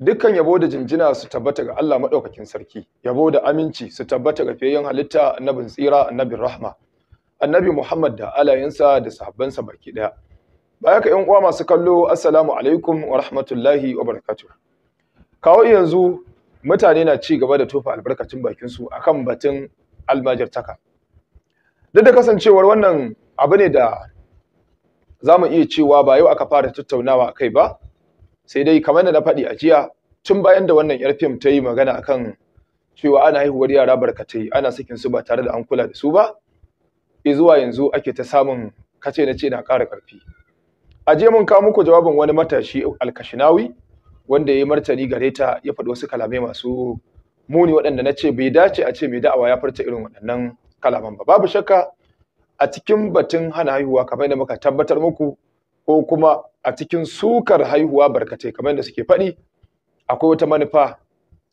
dukkan yabo da jinjina su tabbata ga Allah madaukakin sarki yabo da aminci su tabbata ga fiyayyen halitta annabin tsira annabin rahma annabi Muhammad da alayensa da sahabbansa baki daya baya ka yan uwa masu kallo assalamu alaikum wa rahmatullahi wa barakatuh kawo yanzu mutane na ci gaba da tofa albarkacin bakin su akan batun almajirtaka duk da kasancewar wannan abu ne da za mu iya cewa ba yau aka fara tattaunawa kai ba sai dai kamar da na faɗi a jiya tun bayan da wannan yar fim ta yi magana akan cewa ana haihuwar yara barkatai ana sakin su ba tare da an kula da su ba zuwa yanzu ake ta samun kace na ce na ƙara ƙarfi a je mun kawo muku jawabin wani matashi alkashinawi wanda ya yi martani gare ta ya faɗi wasu kalamai masu muni waɗanda na ce bai dace a ce mai da'awa ya furta irin waɗannan kalaman ba babu shakka a cikin batun hana haihuwa kamar da muka tabbatar muku ko kuma a cikin sukar haihuwa barkatai kamar da suke faɗi akwai wata manufa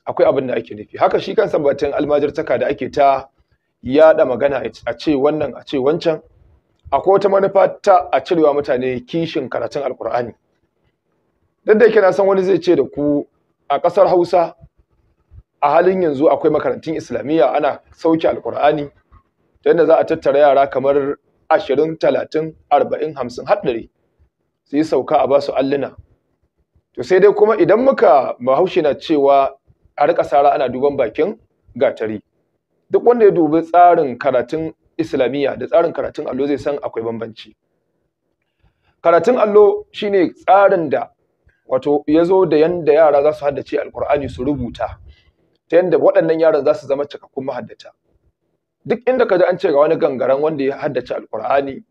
akwai abin da ake nufi haka shi kansa batun almajirtaka da ake ta yaɗa magana a ce wannan a ce wancan akwai wata manufa ta a cirewa mutane kishin karatun alkur'ani duk da yake na san wani zai ce da ku a ƙasar hausa a halin yanzu akwai makarantun islamiyya ana sauke alkur'ani ta yadda za a tattara yara kamar ashirin talatin arba'in hamsin haɗari. su yi sauka a ba su alluna to sai dai kuma idan muka bahaushe na cewa a rika sara ana duban bakin gatari duk wanda ya dubi tsarin karatun islamiyya da tsarin karatun allo zai san akwai bambanci karatun allo shine tsarin da wato ya zo da yanda yara za su haddace alkur'ani su rubuta ta yanda waɗannan yaran za su zama cikakkun mahaddata duk inda ka ji an ce ga wani gangaren wanda ya haddace alkur'ani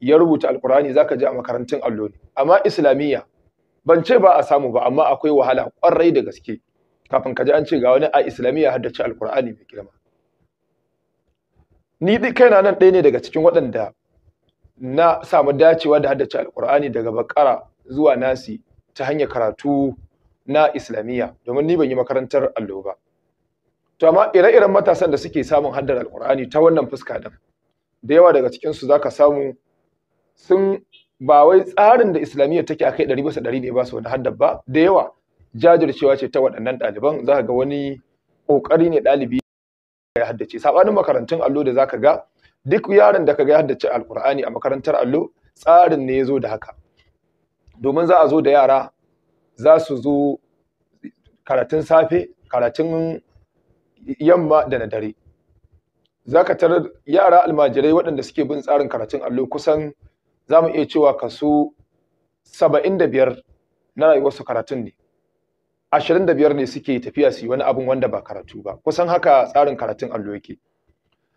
ya rubuta alkur'ani zaka je a makarantun allo ne amma islamiyya ban ce ba a samu ba amma akwai wahala kwarai da gaske kafin ka ji an ce ga wani a islamiyya haddace alkur'ani mai girma ni dai kaina nan ɗaya ne daga cikin waɗanda na samu dacewa da haddace alkur'ani daga bakara zuwa nasi ta hanyar karatu na islamiyya domin ni ban yi makarantar allo ba to amma ire-iren matasan da suke samun haddar alkur'ani ta wannan fuska din da yawa daga cikin su zaka samu sun ba wai tsarin da islamiyya take kai ɗari bisa ɗari ne ba su wani haddab ba da yawa jajircewa ce ta waɗannan ɗaliban za ka ga wani ƙoƙari ne ɗalibi ya haddace saɓanin makarantun allo da za ka ga duk yaron da ka ga ya haddace alƙur'ani a makarantar allo tsarin ne ya zo da haka domin za a zo da yara za su zo karatun safe karatun yamma da na dare za ka tarar yara almajirai waɗanda suke bin tsarin karatun allo kusan za mu iya cewa kaso saba'in da biyar na rayuwarsu karatun ne ashirin da biyar ne suke tafiya su yi wani abin wanda ba karatu ba kusan haka tsarin karatun allo yake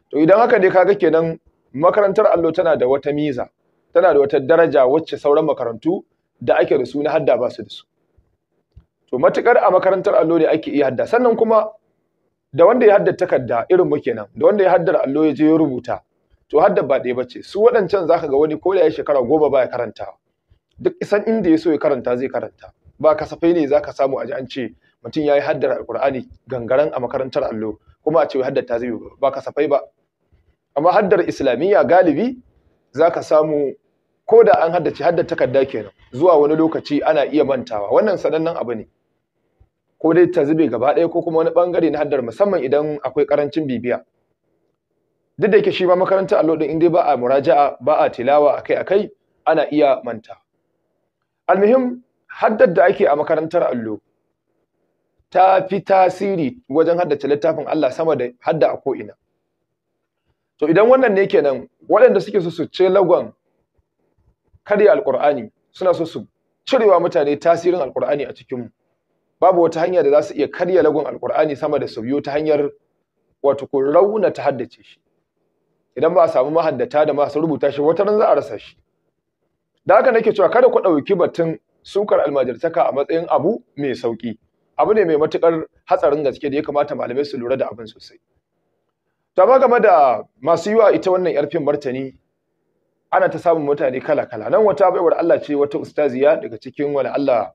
to idan haka ne kaga kenan makarantar allo tana da wata miza tana da wata daraja wacce sauran makarantu da ake da su na hadda ba su da su to matukar a makarantar allo ne ake iya hadda sannan kuma da wanda ya haddar takarda irin mu kenan da wanda ya haddar allo ya je ya rubuta to da ba ɗaya ba ce, su waɗancan ka ga wani ko da ya shekara goma ba ya karanta duk isan inda ya so ya karanta zai karanta ba kasafai ne za ka samu a ji an ce mutum ya yi haddar Alƙur'ani gangaren a makarantar allo kuma a ce haddar ta zai ba kasafai ba amma haddar islamiyya galibi za ka samu ko da an haddace haddar takarda kenan zuwa wani lokaci ana iya mantawa wannan sanannen abu ne ko dai ta zube gaba ɗaya ko kuma wani ɓangare na haddar musamman idan akwai ƙarancin bibiya duk da yake shi ba makaranta allo din indai ba a muraja'a ba a tilawa akai akai ana iya manta almuhim haddar da ake a makarantar allo ta fi tasiri wajen haddace littafin Allah sama da hadda a ko ina to idan wannan ne kenan waɗanda suke so su ce lagon karya alqur'ani suna so su cirewa mutane tasirin alqur'ani a cikin babu wata hanya da za su iya karya lagon alqur'ani sama da su biyo ta hanyar wato ko rauna ta haddace shi idan ba a samu mahaddata da masu rubuta shi wata ran za a rasa shi da haka nake cewa kada ku ɗauki batun sukar almajirtaka a matsayin abu mai sauƙi. abu ne mai matukar hatsarin gaske da ya kamata malamai su lura da abin sosai to amma game da masu yiwa ita wannan yarfin martani ana ta samun mutane kala kala nan wata baiwar Allah ce wata ustaziya daga cikin wani Allah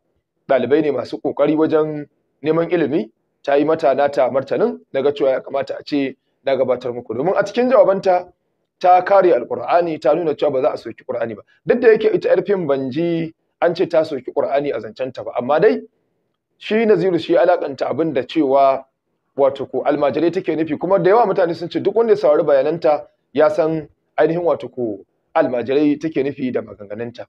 ɗalibai ne masu kokari wajen neman ilimi ta yi mata nata martanin daga cewa ya kamata a ce na gabatar muku domin a cikin jawabanta ta kare alqur'ani ta nuna cewa ba za a soki qur'ani ba duk da yake ita 'yarfin banji an ce ta soki qur'ani a zancen ta ba amma dai shi naziru shi alakanta abin da cewa wato ko almajirai take nufi kuma da yawa mutane sun ce duk wanda ya saurari bayananta ya san ainihin wato ko almajirai take nufi da maganganunta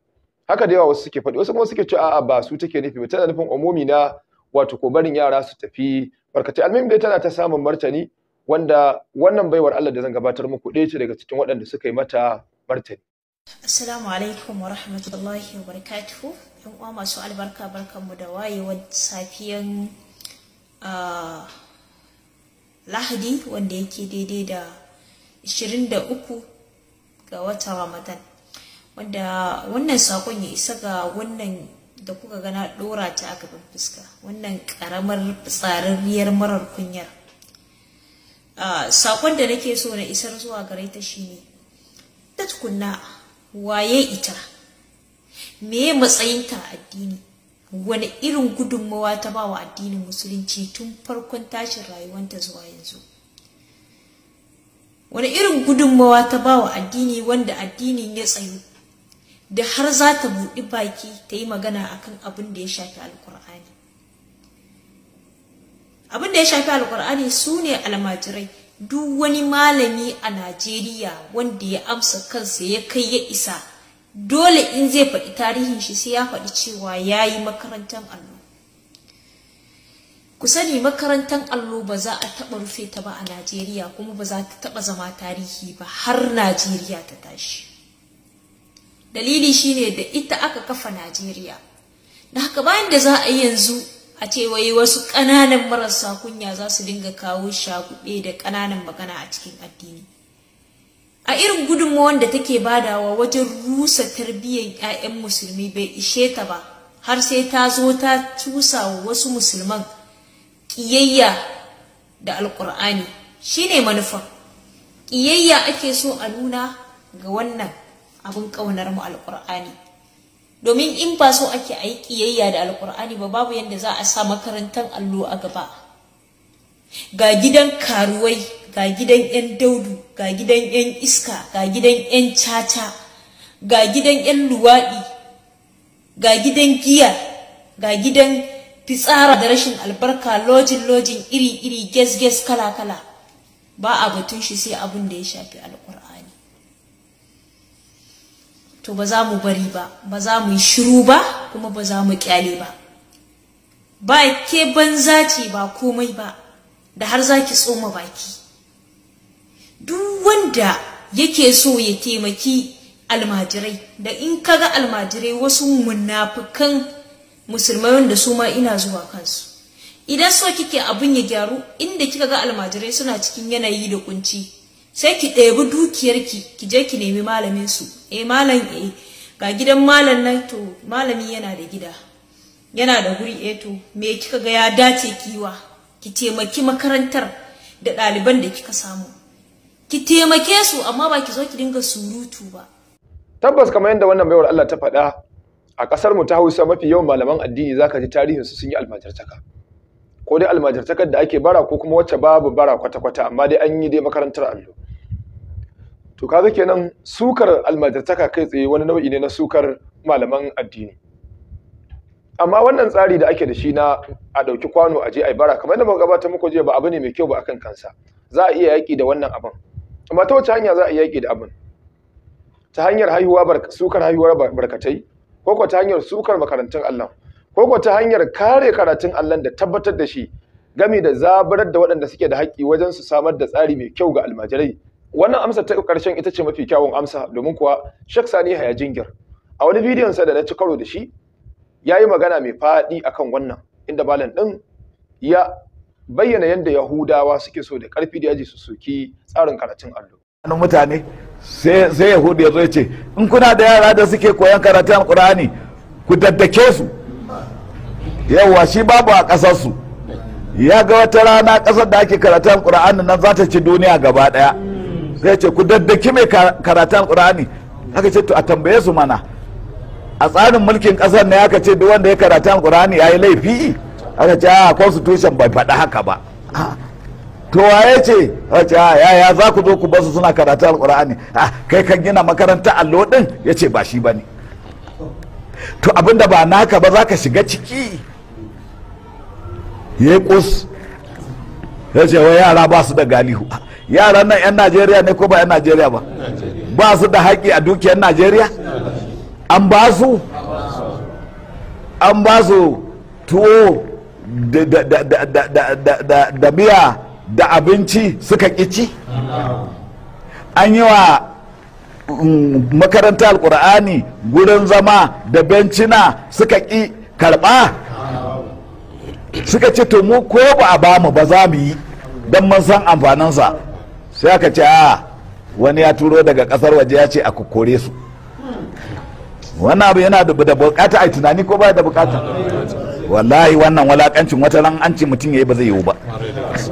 haka da yawa wasu suke faɗi wasu kuma suke cewa a'a ba su take nufi ba tana nufin umumi na wato ko barin yara su tafi barkatai almin dai tana ta samun martani wanda wannan baiwar Allah da zan gabatar muku ɗaya ce daga cikin waɗanda suka yi mata martani. Assalamu alaikum wa rahmatullahi wa barakatuhu. Yan uwa masu albarka mu da wayewar safiyan ah, Lahadi wanda yake daidai da 23 ga wata Ramadan. Wanda wannan sakon ya isa ga wannan da kuka gana ɗora ta a gaban fuska. Wannan ƙaramar tsararriyar marar kunyar. Ah, sakon da nake so na isar zuwa gare ta shi ne ta tukunna waye ita meye matsayinta a addini wani irin gudunmawa ta ba wa addinin musulunci tun farkon tashin rayuwanta zuwa yanzu wani irin gudunmawa ta ba wa addini wanda addinin ya tsayu da har za ta buɗi baki ta yi magana akan abin da ya shafi alkur'ani abin da ya shafi alkur'ani su ne almajirai duk wani malami a najeriya wanda ya amsa kansa ya kai ya isa dole in zai faɗi tarihin shi sai ya faɗi cewa ya yi makarantar allo ku sani makarantar allo ba za a taɓa rufe ta ba a najeriya kuma ba za ta taɓa zama tarihi ba har najeriya ta tashi dalili shine da ita aka kafa najeriya da haka bayan da za a yi yanzu a ce wai wasu ƙananan marasa kunya za su dinga kawo shakuɓe da ƙananan magana a cikin addini a irin gudunmawar da take badawa wajen rusa tarbiyyar 'ya'yan musulmi bai ishe ta ba har sai ta zo ta cusa wa wasu musulman ƙiyayya da alƙur'ani ne manufa ƙiyayya ake so a nuna ga wannan abin ƙaunar mu alƙur'ani domin in ba so ake a yi da alkur'ani ba babu yadda za a sa makarantar allo a gaba ga gidan karuwai ga gidan 'yan daudu ga gidan 'yan iska ga gidan 'yan caca ga gidan 'yan luwaɗi ga gidan giya ga gidan fitsara da rashin albarka lojin lojin iri iri ges ges kala kala ba a batun shi sai abin da ya shafi alkur'ani to ba za mu bari ba ba za mu yi shiru ba kuma ba za mu kyale ba ba ke banza ce ba komai ba da har za ki tsoma baki duk wanda yake so ya taimaki almajirai da in ka ga almajirai wasu munafukan musulmai wanda su ma ina zuwa kansu idan so kike abin ya gyaru inda kika ga almajirai suna cikin yanayi da kunci sai ki ɗebi dukiyarki ki je ki nemi malamin su eh malam eh ga gidan malam nan to malami yana da gida yana da guri eh to me kika ga ya dace kiwa ki taimaki makarantar da ɗaliban da kika samu ki taimake su amma ba ki zo ki dinga surutu ba tabbas kamar yadda wannan baiwar Allah ta faɗa a ƙasar mu ta Hausa mafi yawan malaman addini zaka ji tarihin su sun yi almajartaka ko dai almajartakar da ake bara ko kuma wacce babu bara kwata-kwata amma dai an yi dai makarantar allo to kaga kenan sukar almajartaka kai tsaye wani nau'i ne na sukar malaman addini amma wannan tsari da ake da shi na a ɗauki kwano a je a bara kamar yadda muka gabatar muku je ba abu ne mai kyau ba akan kansa za a iya yaƙi da wannan abin amma ta wace hanya za a iya yaƙi da abin ta hanyar haihuwa sukar haihuwar barkatai ko ko ta hanyar sukar makarantun Allah ko ko ta hanyar kare karatun Allah da tabbatar da shi gami da zabarar da waɗanda suke da haƙƙi wajen su samar da tsari mai kyau ga almajirai wannan amsa ta ƙarshen ita ce mafi kyawun amsa domin kuwa Sheikh Sani Haya Jingir a wani bidiyon sa da na ci karo da shi yayi magana mai faɗi akan wannan inda balan din ya bayyana yadda Yahudawa suke so da ƙarfi da yaji su soki tsarin karatun allo nan mutane sai Yahudi ya zo ya ce in kuna da yara da suke koyan karatun qur'ani ku daddake su yawa shi babu a ƙasar su ya ga wata rana kasar da ake karatun qur'ani nan za ta ci duniya gaba ɗaya ya ce ku daddaki mai karatun alkur'ani aka ce to a tambaye su mana a tsarin mulkin ƙasar ne aka ce duk wanda ya karata alkur'ani ya yi laifi aka ce a ah, constitution bai faɗi haka ba to waye ce a ce ah, ya ya za ku zo ku basu suna karata A ah, kai kan gina makaranta allo din ya ce ba shi ba ne to abinda ba naka ba za ka shiga ciki ya kus ya ce wa yara ba su da galihu yaran nan 'yan najeriya ne ko ba 'yan najeriya ba ba su da haƙƙi a dukiyar najeriya an ba su an ba su tuwo da miya da abinci suka ƙici an yi wa mm, makaranta alkur'ani gurin zama da bencina suka ƙi karɓa suka ci to mu ko ba a ba mu ba za mu yi don mun san amfaninsa sai aka ce a ah, wani ya turo daga kasar waje ya ce a kore su wannan abu yana da bukata a tunani ko ba da bukata wallahi wannan walakancin wata ran an ce mutum yayi ba zai yiwu ba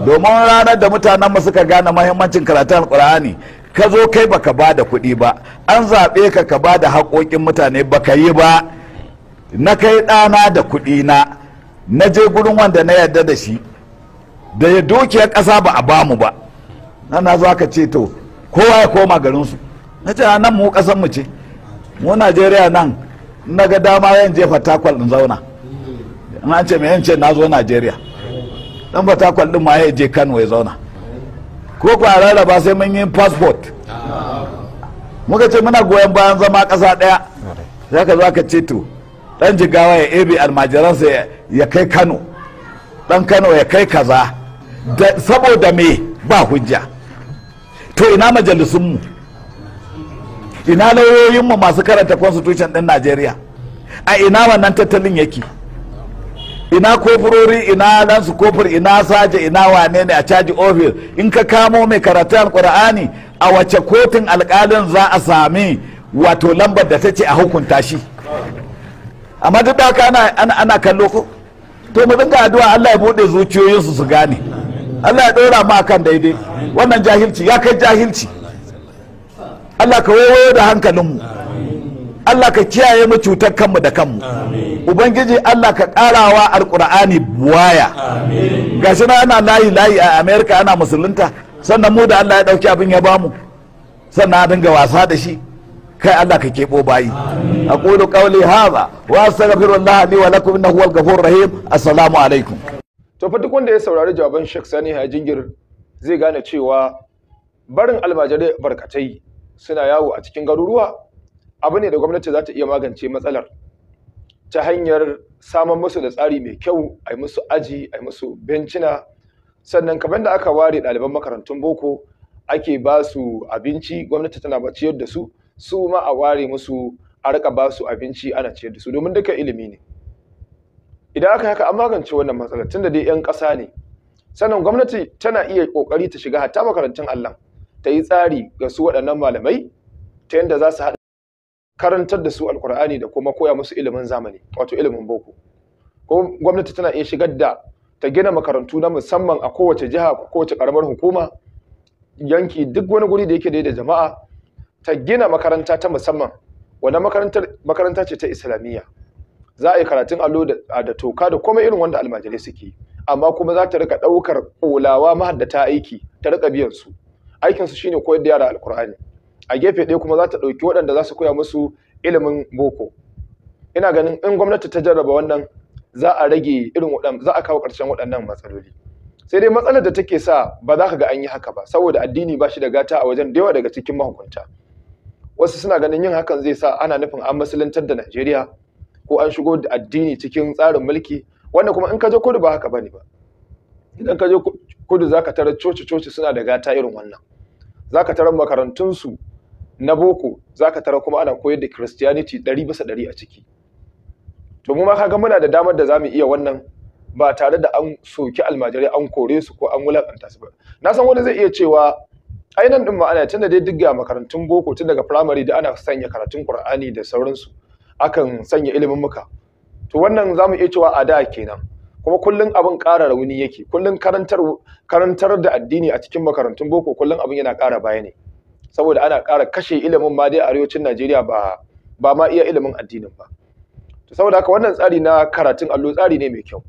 domin ranar da mutanen mu suka gane mahimmancin karatun alkur'ani ka zo kai baka ba da kuɗi ba an zaɓe ka ka ba da haƙoƙin mutane baka yi ba na kai ɗana da kuɗi na na je gurin wanda na yarda da shi da ya dukiyar ƙasa ba a bamu ba nan na zo aka ce to kowa ya koma su na ce a nan mu kasan mu ce mu najeriya nan na ga dama yan je fatakwal in zauna na ce mai ce na zo najeriya dan fatakwal din ma ya je kano ya zauna ko ko a rarraba sai mun yi passport muka ce muna goyon bayan zama kasa daya za ka zo aka ce to dan jigawa ya ebe almajiransa ya kai kano dan kano ya kai kaza saboda me ba hujja to ina majalisunmu ina lauyoyinmu masu karanta constitution ɗin najeriya a ina wannan tattalin yake ina kofurori ina nan su kofur ina saje ina wane ne a caji ofis in ka kamo mai karatun alkur'ani a wace kotun alkalin za a sami wato lambar da ta ce a hukunta shi amma duk da ana, ana kallo ko to mu dinga addu'a Allah ya bude zuciyoyinsu su gane Allah ya ɗora ma akan daidai wannan jahilci ya kai jahilci Allah ka wayo da hankalinmu Allah ka kiyaye mu cutar kanmu da kanmu ubangiji Allah ka karawa alkur'ani buwaya gashi na ana layi layi a america ana musulunta sannan mu da Allah ya ɗauki abin ya bamu sannan a dinga wasa da shi kai Allah ka kebo bayi aqulu qawli hadha wa astaghfirullah li wa lakum innahu huwal ghafurur rahim assalamu alaikum to fa duk wanda ya saurari jawaban Sheikh Sani jingir zai gane cewa barin almajirai barkatai suna yawo a cikin garuruwa abu ne da gwamnati za ta iya magance matsalar ta hanyar samun musu da tsari mai kyau a yi musu aji a yi musu bencina sannan kamar da aka ware ɗaliban makarantun boko ake ba su abinci gwamnati tana ba ciyar da su su ma a ware musu a riƙa ba su abinci ana ciyar da su domin duka ilimi ne idan aka haka an magance wannan matsalar tunda dai yan ƙasa ne sannan gwamnati tana iya ƙoƙari ta shiga hatta makarantun Allah ta yi tsari ga su waɗannan malamai ta yadda za su haɗa karantar da su alkur'ani da kuma koya musu ilimin zamani wato ilimin boko ko gwamnati tana iya shigar da ta gina makarantu na musamman a kowace jiha ko kowace karamar hukuma yanki duk wani guri da yake da jama'a ta gina makaranta ta musamman wannan makarantar makaranta ce ta islamiyya za a yi karatun allo da toka da kuma irin wanda almajirai suke amma kuma za ta rika ɗaukar ƙulawa mahaddata aiki ta rika biyan su aikin su shine koyar da yara alkur'ani a gefe ɗaya kuma za ta ɗauki waɗanda za su koya musu ilimin boko ina ganin in gwamnati ta jarraba wannan za a rage irin za a kawo ƙarshen waɗannan matsaloli sai dai matsalar da take sa ba za ka ga an yi haka ba saboda addini ba shi da gata a wajen da daga cikin mahukunta wasu suna ganin yin hakan zai sa ana nufin an musuluntar da Najeriya ko an shigo da addini cikin tsarin mulki wanda kuma in ka je kudu ba haka bane ba idan ka je kudu zaka tara coci coci suna da gata irin wannan zaka makarantun su na boko zaka tara kuma ana koyar da christianity ɗari bisa ɗari a ciki to mu ma kaga muna da damar da zamu iya wannan ba tare da an soki almajirai an kore su ko an wulakanta su ba na san wani zai iya cewa ainan nan din ma'ana tunda dai duk ga makarantun boko tun daga primary da ana sanya karatun qur'ani da sauransu akan sanya ilimin muka to wannan zamu iya cewa ada kenan kuma kullun abin ƙara rauni yake kullun karantar karantar da addini a cikin makarantun boko kullun abin yana ƙara baya ne saboda ana ƙara kashe ilimin ma dai a arewacin Najeriya ba ba ma iya ilimin addinin ba to saboda haka wannan tsari na karatun allo tsari ne mai kyau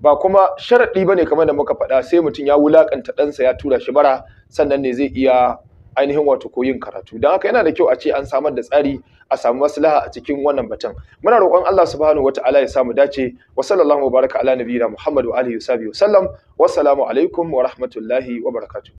ba kuma sharaɗi ba ne kamar da muka faɗa sai mutum ya wulaƙanta ɗansa ya tura shi bara sannan ne zai iya ainihin wato ko yin karatu don haka yana da kyau a ce an samar da tsari a samu maslaha a cikin wannan batun muna roƙon Allah subhanahu wataala ya samu dace wa sallallahu baraka ala nabiyina Muhammad wa alihi wa sallam wassalamu alaikum wa rahmatullahi wa barakatuh